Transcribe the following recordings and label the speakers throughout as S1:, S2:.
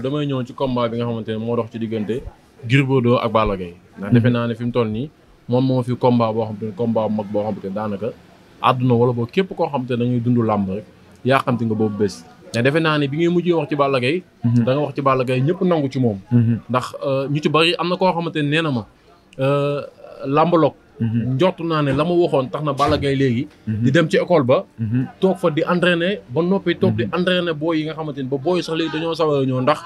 S1: damay ñëw ci combat bi nga xamante ne moo dox ci diggante Gris Bordeaux ak Balla Gaye defe naa ne fi mu toll nii moom moo fi komba boo xamante ne combat bu mag boo xamante ne daanaka àdduna wala boo képp koo xamante ne da ngay dund làmb rek yaaxamti nga boobu bés mais defe naa ne bi ngay mujjee wax ci Balla Gaye mhm. da nga wax ci Balla Gaye ñëpp nangu ci moom mhm. ndax euh, ñu ci bari am na koo xamante ne nee na ma euh, làmb lok njortu mhm. naa ne la ma waxoon tax na Balla Gaye léegi mhm. di dem ci école ba mhm. toog fa di entraîner ba noppi toog di entraîner booy yi nga xamante ni ba booy sax léegi dañoo sawar ñëw ndax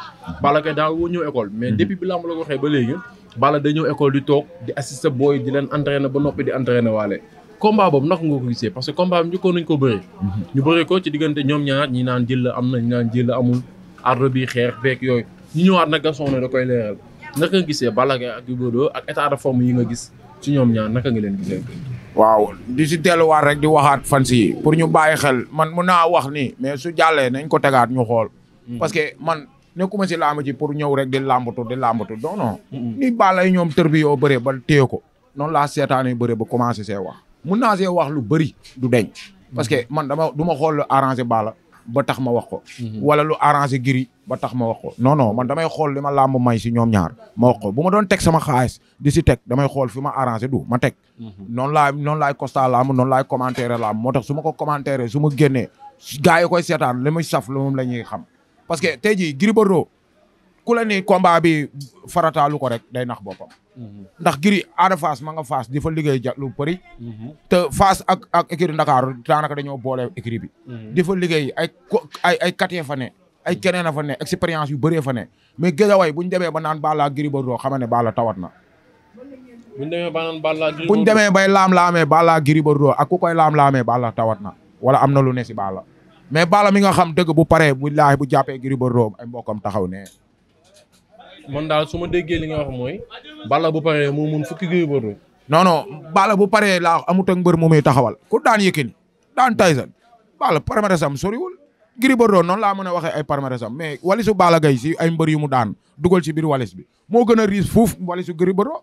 S1: Balla Gaye daal woo ñëw école mais depuis bi la waxee ba léegi Balla day ñëw école di toog di assister booy di leen entraîner ba noppi di entraîner waale combat boobu naka nga ko gisee parce que combat bi njëkkoon nañ ko bëree ñu bëree ko ci diggante ñoom ñaar ñi naan jël la am na ñi naan jël la amul ardo bi xeex beeg yooyu ñu ñëwaat nag Gaston ne da koy leeral naka gisee Balla ak Gris Bordeaux ak état de yi nga gis
S2: ci ñoom ñaar naka nga leen gisee. waaw di si teeluwaat rek di waxaat fan si pour ñu bàyyi xel man mun naa wax ni mais su jàllee nañ ko tegaat ñu xool. Hmm. parce que man nekkuma si làmb ji pour ñëw rek di làmbatu di làmbatu non non. Hmm. ni bàllay ñoom tër bi yoo bëree ba téye ko noonu laa seetaanee bëree ba commencé see wax mun naa see wax lu bëri du deñ parce que man dama du ma xool arrangé Balla ba tax ma wax ko. Mhm. wala lu arrangé giri ba tax ma wax ko non non man damay xool li ma làmb may si ñoom ñaar ma wax ko bu ma doon teg sama xaalis di si teg damay xool fi ma arrangé du ma teg. Mhm. noonu laay noonu laay constat làmb noonu laay commentaire làmb moo tax su ma ko commentaire su ma génnee gars yi koy seetaan li muy saf lu moom la ñuy xam parce que tey jii Gris Bordeaux ku la ni combat bi farataalu ko rek day nax boppam. Mm-hmm. ndax giri aada Fass ma nga Fass di fa liggéey ja lu bëri. Mm-hmm. te Fass ak ak écurie Ndakaaru daanaka dañoo boole écurie bi. Mm-hmm. di fa liggéey ay ay ay kat fa ne. ay keneen a fa ne expérience yu bëree fa ne mais géejawaay bu ñu demee ba naan Balla Gris Bordeaux xam ne baala tawat na.
S1: bu ñu demee ba naan
S2: bay laam-laamee Balla Gris Bordeaux ak ku koy laam laame Balla tawat na wala am na lu ne si Balla. mais baala mi nga xam dëgg bu paree bu laaj bu jàppee Gris Bordeaux ay mbokkam taxaw ne.
S1: man su ma déggee li nga wax mooy bala bu paree mu mun fukki Gris Bordeaux.
S2: non non bu paree la amut ak mbër mu muy taxawal ku daan Yékini daan Tyson Balla palmarès am soriwul. Gris Bordeaux noonu la mën a waxee ay palmarès am mais walisu Balla Gaye si ay mbër yu mu daan dugal ci biir walis bi moo gën a riis fuuf walisu Gris Bordeaux.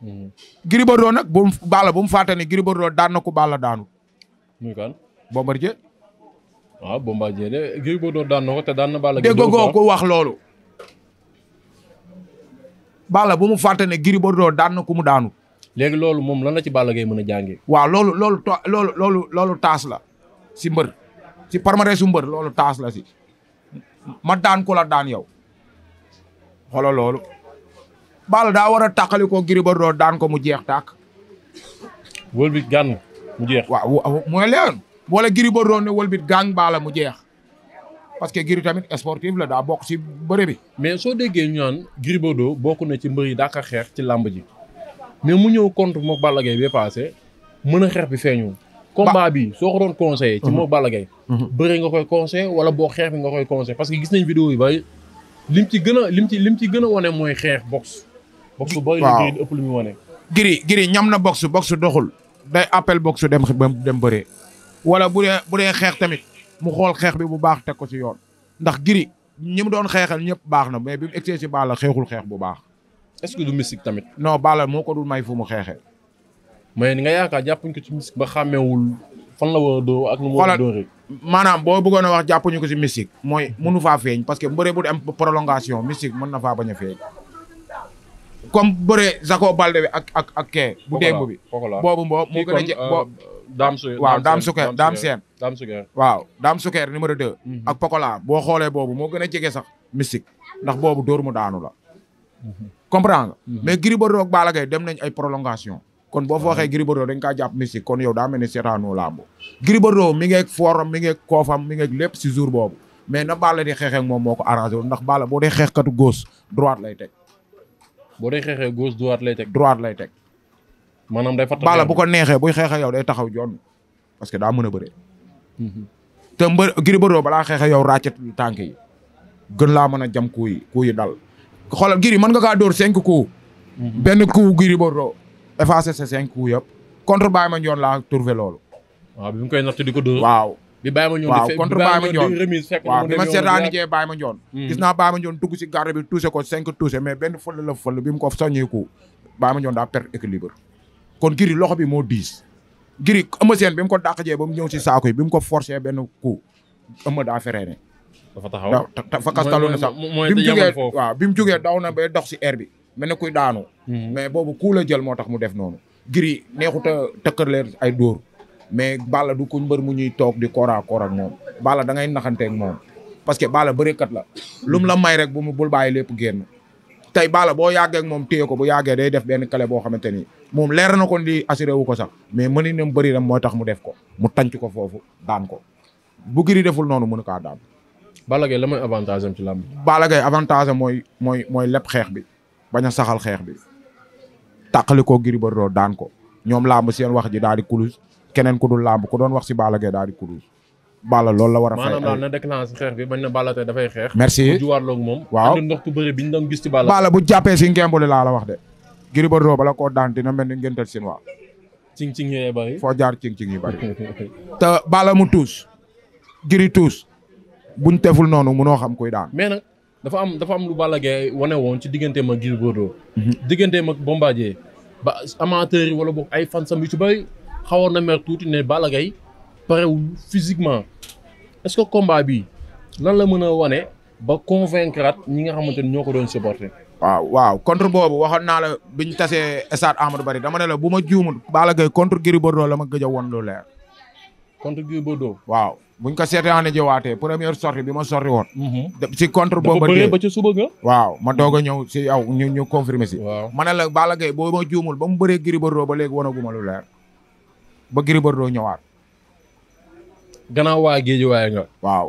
S2: Hmm. Gris Bordeaux nag bu bala bu mu fàtte ne daan na ko bala daanu. muy kan. Bombardier. waaw ah, Bombardier de Gris Bordeaux
S1: te daan na Balla wax
S2: loolu. baala bu mu fàtte ne Gris Bordeaux daan na ku mu daanu. léegi loolu moom lan la ci Balla Gaye mën a jàngee. waaw loolu loolu loolu taas la si mbër si palmarès su mbër loolu taas la si ma daan ko la daan yow xoolal loolu. Balla daa war a tàqali ko Gris Bordeaux daan ko mu jeex tàkk. wëlbit gàng mu jeex. waaw mooy leen boole Gris Bordeaux ne wëlbit gàng Balla mu jeex. parce que Gris tamit sportif la daa bokk ci bëre bi. mais soo déggee ñu naan Gris Bordeaux bokk na ci mbër yi daaka xeex ci
S1: làmb ji mais mu ñëw contre mook Balla Gaye bi passé mën a xeex bi feeñu. combat bi soo ko doon conseillé. ci mhm. mook Balla Gaye. Mhm. bëre nga koy conseillé wala boo xeex bi nga koy conseillé parce que gis nañ vidéo yi ba lim ci gën a lim ci lim ci gën a wane mooy xeex box. box booy liggéey
S2: ëpp lu mu wane. Gris Gris ñam na box box doxul day appel box dem dem bëree wala mu xool xeex bi bu baax teg ko si yoon ndax giri ñi mu doon xeexal ñëpp baax na mais bi mu egsee si Balla xeexul xeex bu baax. est-ce que du mystique tamit. non Balla moo ko dul may fu mu xeexee. mais ni nga yaakaar jàppuñ ko ci mystique ba xàmmeewul fan la war a doo ak nu mu a doo rek maanaam boo bëggoon a wax jàpp ñu ko si mystique. mooy mënu faa feeñ parce que mbëre bu di am prolongation mystique mën na faa bañ a feeñ. comme bëre Jacob Balde bi ak ak ak kee. bu démb bi boobu boobu moo gën a euh, Dame Suker waaw Dame Suker Dame Seen. Dame Suker waaw Dame Suker numéro 2. Mhm. ak Pokola boo xoolee boobu moo gën a jege sax mystique ndax boobu dóor mu daanu la. Mhm. comprendre nga. Mhm. mais Gris Bordeaux ak Balla Gaye dem ay prolongation kon boo fa ah. waxee Gris Bordeaux dañ kaa jàpp mystique kon yow daa mel ni seetaanoo làmb. Gris Bordeaux mi ngeeg fooram mi ngeeg koofam mi ngeeg lépp si jour boobu mais na Balla di xeexee moom moo ko arrangé ndax Balla boo dee xeexkatu gauche droite lay
S1: teg. boo dee xeexee gauche
S2: droite lay droite lay teg. maanaam day fàttali. Balla bu ko neexee buy xeex ak yow day taxaw joon parce que daa mën a bëre. Mhm. te mbër Gris Bordeaux balaa xeex ak yow ràccet tànk yi gën laa mën a jam kuu yi kuu yi dal. xoolal Gris mën nga kaa dóor cinq coups. Mhm. benn coup Gris Bordeaux effacé sa cinq coups yëpp. contre Baye Ma Ndione laa trouvé loolu.
S1: bi ko dóor. waaw bi Baye Ma Ndione waaw contre Baye Ma Ndione remise fekk waaw bi ma seetaani jee Baye
S2: Ma Ndione. Mhm. gis naa Baye Ma Ndione dugg si garde bi touché ko cinq touché mais benn fële la fële bi mu ko soññee ko Baye Ma Ndione daa perte équilibre. kon giri loxo bi moo diis giri Eumeu Sène bi mu ko dàq jee ba mu ñëw si saako yi bi mu ko forcé benn coup Eumeu daa freiné dafa taxaw dafa kastalu na sax bi mu jógee waaw bi mu jógee daw na bay dox si air bi mel ne kuy daanu mhm. mais boobu coup la jël moo tax mu def noonu giri neexut a tëkkër leen ay dóor mais bala du kuñ mbër mu ñuy toog di koora koor ak moom Balla da ngay naxanteeg moom parce que Balla bëreekat la lu mu la may rek bu mu bul bàyyi lépp génn tey Balla boo yàggee ak moom téye ko bu yàggee day def benn kale boo xamante ni moom leer na ko lii assuré wu ko sax mais mëni nam bëri nam mooy tax mu def ko mu tànc ko foofu daan ko bu giri deful noonu mënu kaa daan.
S1: Balla Gaye la mooy avantage
S2: am ci làmb. Balla Gaye avantage mooy mooy mooy lépp xeex bi bañ a saxal xeex bi tàqali koo giri ba doo daan ko ñoom làmb seen wax ji daal di kulus keneen ku dul làmb ku doon wax si Balla Gaye daal di kulus baala lool la war a.
S1: na déclenché xeex bi bañ na Balla tey dafay xeex. merci bu juwaarloog moom. waaw ndox ku bëri doon gis ci Balla. Balla bu
S2: jàppee si ngembuli laa la wax de. Gris Bordeaux bala koo daan dina mel ni ngéntal sin waa.
S1: cing cing yi bari. foo jaar cing cing yi bari. te
S2: Balla mu tuus. Gris tuus. buñ teful noonu noo xam kuy daan.
S1: mais nag dafa am dafa am lu Balla Gaye wane woon ci digganteem ak Gris Bordeaux. Mhm. digganteem ak Bombardier ba amateur yi wala boog ay fan yu ci xawoon na mer tuuti ne Balla Gaye parewul physiquement est-ce que combat bi lan la mën a wane
S2: ba convaincre ñi nga xamante ni ñoo ko doon supporter. waaw waaw contre boobu waxoon naa la bi ñu tasee stade Amadou Barry dama ne la bu ma juumul. Balla Gaye contre Gris Bordeaux la ma gëj a won lu leer. contre Gris Bordeaux. waaw buñ ko seetaane jëwaatee première sortie bi ma sorti woon. si mhm. contre boobu. dafa ba ci suba nga. waaw ma doog ñëw si aw ñu ñu confirmer si. waaw ma ne la Balla Gaye boo ma juumul ba mu bëree Gris Bordeaux ba léegi wanaguma lu leer ba Gris Bordeaux ñëwaat.
S1: gannaaw waa géejuwaay nga. waaw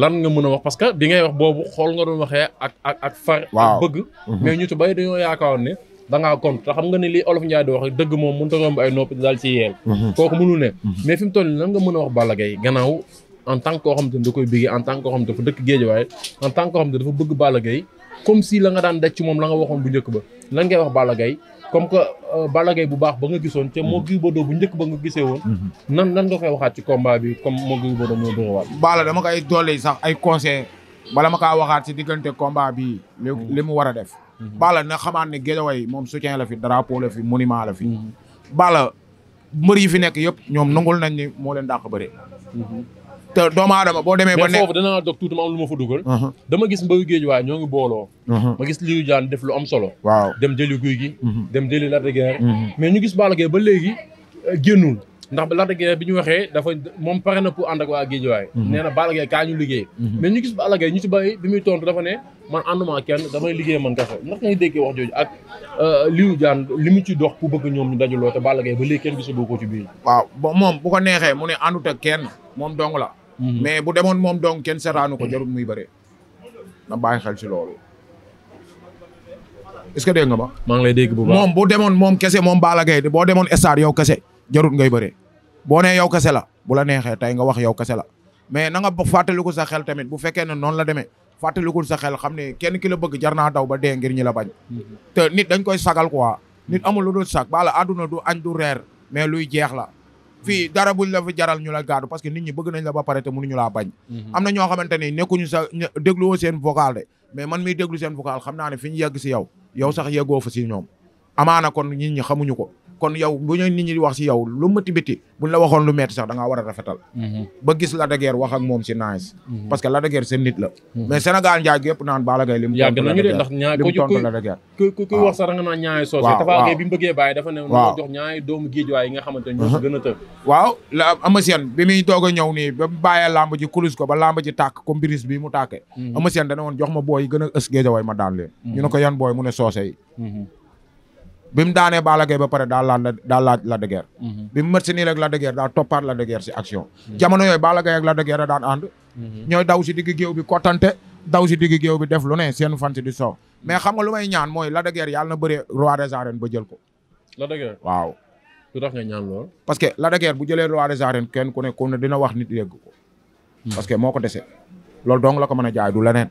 S1: lan nga mën a wax parce que bi ngay wax boobu xool nga doon waxee ak ak ak far. waaw ak bëgg. Mhm. mais ñu tubaab yi dañoo yaakaaroon ne. da ngaa compte te xam nga ne li olof Ndiaye di dëgg moom mënut a romb ay noppi daal ci yeel. Mhm. kooku mënul ne. Mhm. mais fi nga mën a wax Balla Gaye gannaaw en tant que xam en tant que koo xam ne dafa dëkk géejawaay en tant bëgg Balla Gaye comme si la nga daan daj ci moom la nga waxoon bu njëkk ba lan ngay wax Balla gay comme que euh, Balla Gaye bu baax ba nga gisoon te moo mm-hmm. Gris Bordeaux bu njëkk ba nga gisee woon mm-hmm. nan nan
S2: nga koy waxaat ci combat bi comme moo Gris Bordeaux moo bëriwaat Balla dama koy dolli sax ay conseil bala ma kaa waxaat ci diggante combat bi li mm-hmm. mu war a def Balla na xamaat ne Guédiawaye moom soutien la fi drapeau la fi monument la fi bala mër yi fi nekk yëpp ñoom nangul nañ ni moo leen dàq bëre te doomu aadama boo demee. ba nekk mais foofu
S1: danaa dog tuuti ma am lu ma fa dugal. Uh-huh. dama gis mbayu géej ñoo ngi booloo. Uh-huh. ma gis liu jaan def lu am solo. waaw dem jëli guy gi. Uh-huh. dem jëli Lac de Guiers. mais ñu gis Balla Gaye ba léegi euh, génnul. ndax Lac de Guiers bi ñu waxee dafa moom pare na pour ànd ak waa géej na Balla kaa ñu liggéey. mais gis Balla ñu ci bàyyi bi muy tontu dafa ne man ànduma kenn damay liggéey man kese ndax ngay déggee wax jooju ak euh,
S2: liu jaan li mu ci dox ku bëgg ñoom ñu dajaloo te Balla Gaye ba léegi kenn gisuloo ko ci biir. waaw moom bu ko neexee mu ne àndut kenn moom dong la Mhm. mais bu demoon moom donc kenn seetaanu ko jarul muy bëre na bàyyi xel si loolu est-ce que dégg nga ma. maa ngi lay dégg bu moom bu demoon moom kese moom baala Gaye boo demoon stade yow kese jarul ngay bëre boo ne yow kese la bu la neexee tey nga wax yow kese la mais na nga fàttaliku sa xel tamit bu fekkee ne noonu la demee fàttalikul sa xel xam ne kenn ki la bëgg jar naa daw ba dee ngir ñi la bañ. Mhm. te nit dañ koy sagal quoi. nit amul lu dul sag bala àdduna du añ du reer mais luy jeex la. fii dara buñ la fi jaral ñu la gaadu parce que nit ñi bëgg nañ la ba pare te mënuñu laa bañ mhm. am na ñoo xamante ni nekkuñu sax dégluwoo seen vocal de mais man miy déglu seen vocal xam naa ne fi ñu yegg si yow yow sax yeggoo fa si ñoom na kon nit ñi xamuñu ko kon yow bu ñu nit ñi wax si yow lu mëtti bitti buñ la waxoon lu metti sax da ngaa war a rafetal mhm. ba gis Lac de Guiers ak moom si nice mhm. parce que Lac seen nit la mhm. mais Sénégal njaay yëpp naan Balla Gaye li mu tontu Lac
S1: de wax sax da nga naan ñaay soose Tapha Gueye bi mu
S2: bëggee bàyyi dafa ne waaw jox ñaay doomu géejuwaay yi nga xamante ne ñoo uh-huh. gën a tëb a ñëw ba mu bàyyee lamb ji kulus ko ba lamb ji bi mu tàkkee Amasiane dana woon jox ma booy gën a ës géejawaay ma daan leen ñu ne ko yan booy mu ne soose yi bi mu daanee Balla Gaye ba pare daa laaj Lac de mhm. bi mu mët si nii rek Lac de daa toppaat Lac de si action. jamono yooyu Balla Gaye ak Lac daan ànd. Mhm. ñooy daw si digg géew bi kottante daw si digg géew bi def lu ne seen fan di soow mais mhm. xam nga lu ñaan mooy Lac de Guiers yàlla na bëree roi des arènes ba jël ko. Lac de Guiers waaw.
S1: lu tax nga ñaan lool.
S2: parce que Lac de bu jëlee roi des arènes kenn ku ne ku ne dina wax nit yëgg ko. parce que moo ko la ko mën a jaay du leneen.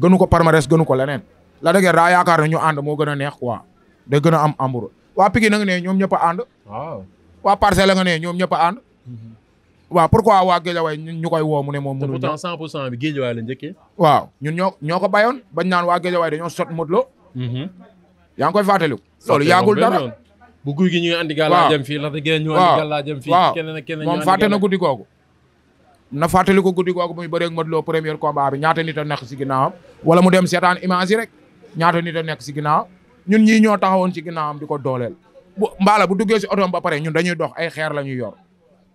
S2: gënu ko palmarès gënu ko leneen. Lac daa yaakaar ne ñu ànd moo gën a day gën a am amour waa Pikine ne ñoom ñëpp a ànd. waaw waa Parcelles nga ne ñoom ñëpp a ànd. Mhm. waaw pourquoi waa Guédiawaye ñu koy woo mu ne moom. mënuñu pourtant
S1: 100 pour cent bi Guédiawaye la njëkkee.
S2: waaw ñun ñoo ñoo ko bayoon bañ naan waa Guédiawaye dañoo sot Modou Lo. Mhm. yaa ngi koy ko loolu yaagul dara
S1: bu guy gi ñu ngi andi. waaw gàllaa jëm fii la te gën ñu andi gàllaa jëm fii. keneen ak na
S2: guddi googu. na ko guddi googu muy bëreeg Modou Lo premier combat bi ñaata nit a nekk si ginnaawam. wala mu dem seetaan image yi rek ñaata nit a nekk si ginnaawam ñun ñii ñoo taxawoon ci ginnaawam di ko dooleel bu mbaala bu duggee si otoom ba pare ñun dañuy dox ay xeer la ñuy yor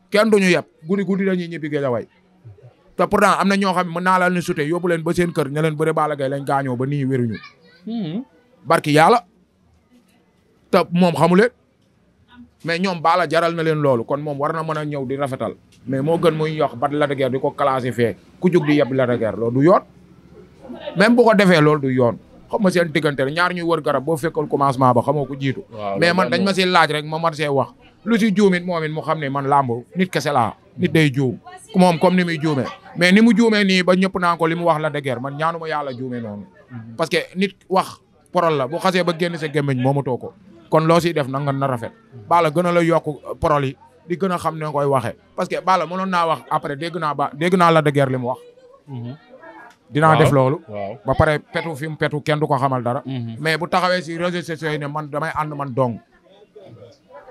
S2: kenn duñu yeb guddi guddi dañuy ñibbi Guédiawaye te pourtant am na ñoo xam ne mën naa la leen sute yóbbu leen ba seen kër ne leen bëre Balla Gaye lañ gaañoo ba nii wéruñu hmm. barki yàlla te moom xamu leen mais ñoom baala jaral na leen loolu kon moom war na mën a ñëw di rafetal mais moo gën muy yox bat Lac de Guiers di ko classé fee ku jug di yeb Lac du yoon même bu ko defee loolu du yoon xam ma seen diggante rek ñaar ñuy wër garab boo fekkal commencement ba xamoo ko jiitu mais man dañ ma si laaj rek ma man see wax lu si juumit moom it mu xam ne man làmb nit kese laa nit day juum moom comme ni muy juumee mais ni mu juumee ni ba ñëpp naa ko li mu wax la dëgër man ñaanu ma yàlla juume noonu mhm. parce que nit wax parole la bu xasee ba génn sa gémmiñ moomatoo ko kon loo siy def nan nga na rafet mhm. bala gën a la yokk parole di gën a xam ne koy waxee parce que bala mënoon naa wax après dégg naa ba dégg naa la dëgër li mu dinaa def loolu. ba pare petu fi mu petu kenn du ko xamal dara. Mhm. mais bu taxawee si réseaux sociaux yi ne man damay ànd man dong.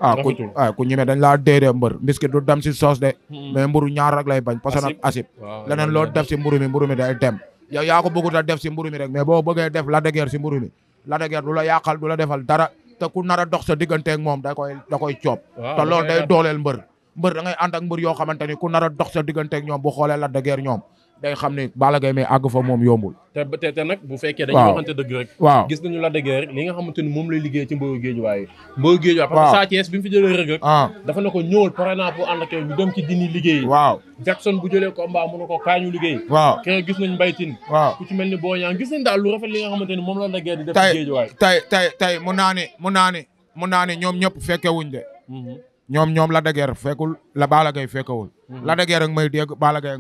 S2: ah ku ah ku ñemee dañ laa dee dee mbër mbiskit du dem si soos de. Mhm. ñaar rek lay bañ. parce que nag leneen loo def si mburu mi mburu mi day dem. yow yaa ko bëggut a def si mburu mi rek mais boo bëggee def la degeer si mburu mi la degeer la yàqal du la defal dara te ku nar a dox moom da koy da koy coob. te loolu day dooleel mbër. mbër da ngay ànd ak mbër yoo xamante ni ku nar a dox sa digganteeg ñoom bu xoolee la degeer ñoom day xam ne Balla Gaye mais àgg fa moom yombul.
S1: te te te nag bu fekkee. dañuy waxante dëgg rek. gis nañu la dëggee rek li nga xamante ni moom lay liggéey ci mboyu géej waaye. mboyu géej waaye parce que Sa Thiès fi jëlee rëg rek. Ah. dafa ne ko ñëwal pare naa pour ànd ak ñu dem ci dini liggéey. waaw Jackson bu jëlee combat mu ne ko kaañu liggéey. waaw gis nañ mbaytin. waaw ku ci mel ni boo ñaan gis nañ daal lu rafet li nga xamante ni moom la dëggee di def. ci géej
S2: waaye tey tey tey mun naa ne mun naa ne mun naa ne ñoom ñëpp fekke wuñ de mhm. ñoom ñoom Lac de Guiers fekkul la Balla Gaye fekkawul mhm. Lac de Guiers ak may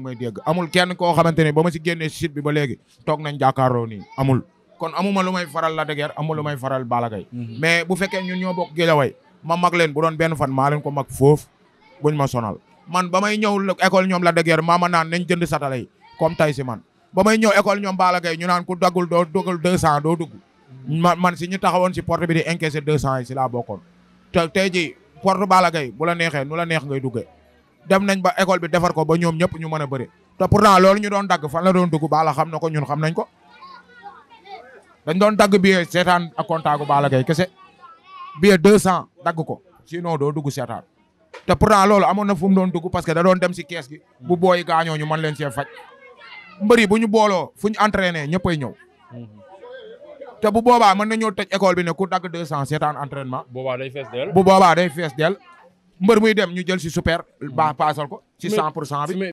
S2: may dégg amul kenn koo xamante ba ma si génnee si bi ba léegi toog nañ jàkkaarloo nii amul kon amuma lu may faral Lac de amul may faral Balla mhm. mais bu fekkee ñun ñoo bokk Guédiawaye ma mag leen bu doon benn fan maa ko mag foofu buñ ma sonal man ba may ñëw école ñoom Lac de Guiers maama naan nañ jënd satala yi comme tay si man ba may ñëw école ñoom Balla Gaye ñu naan ku daggul doo dugal mhm. man si ñu si porte bi di cent yi si porte Balla Gaye bu la neexee nu la neex ngay dugge dem nañ ba école bi defar ko ba ñoom ñëpp ñu mën a bëri te pourtant lool ñu doon dagg fan la doon dugg Balla xam na ko ñun xam nañ ko dañ doon dagg billet seetaan ak kontaagu Balla Gaye kese billet deux cent dagg ko sinon doo dugg seetaan te pourtant loolu amoon na fu mu doon duggu parce que da doon dem si kees gi hmm. bu booyi gaaño ñu mën leen see faj mbëri bu ñu booloo fu ñu entraîné ñëppay ñëw hmm. te bu boobaa mën nañoo tëj école bi ne ku dagg deux cent seetaan entraînement. bu bu boobaa day fees del mbër muy dem ñu jël si super. baax hmm. paasal ko ci cent pour cent bi.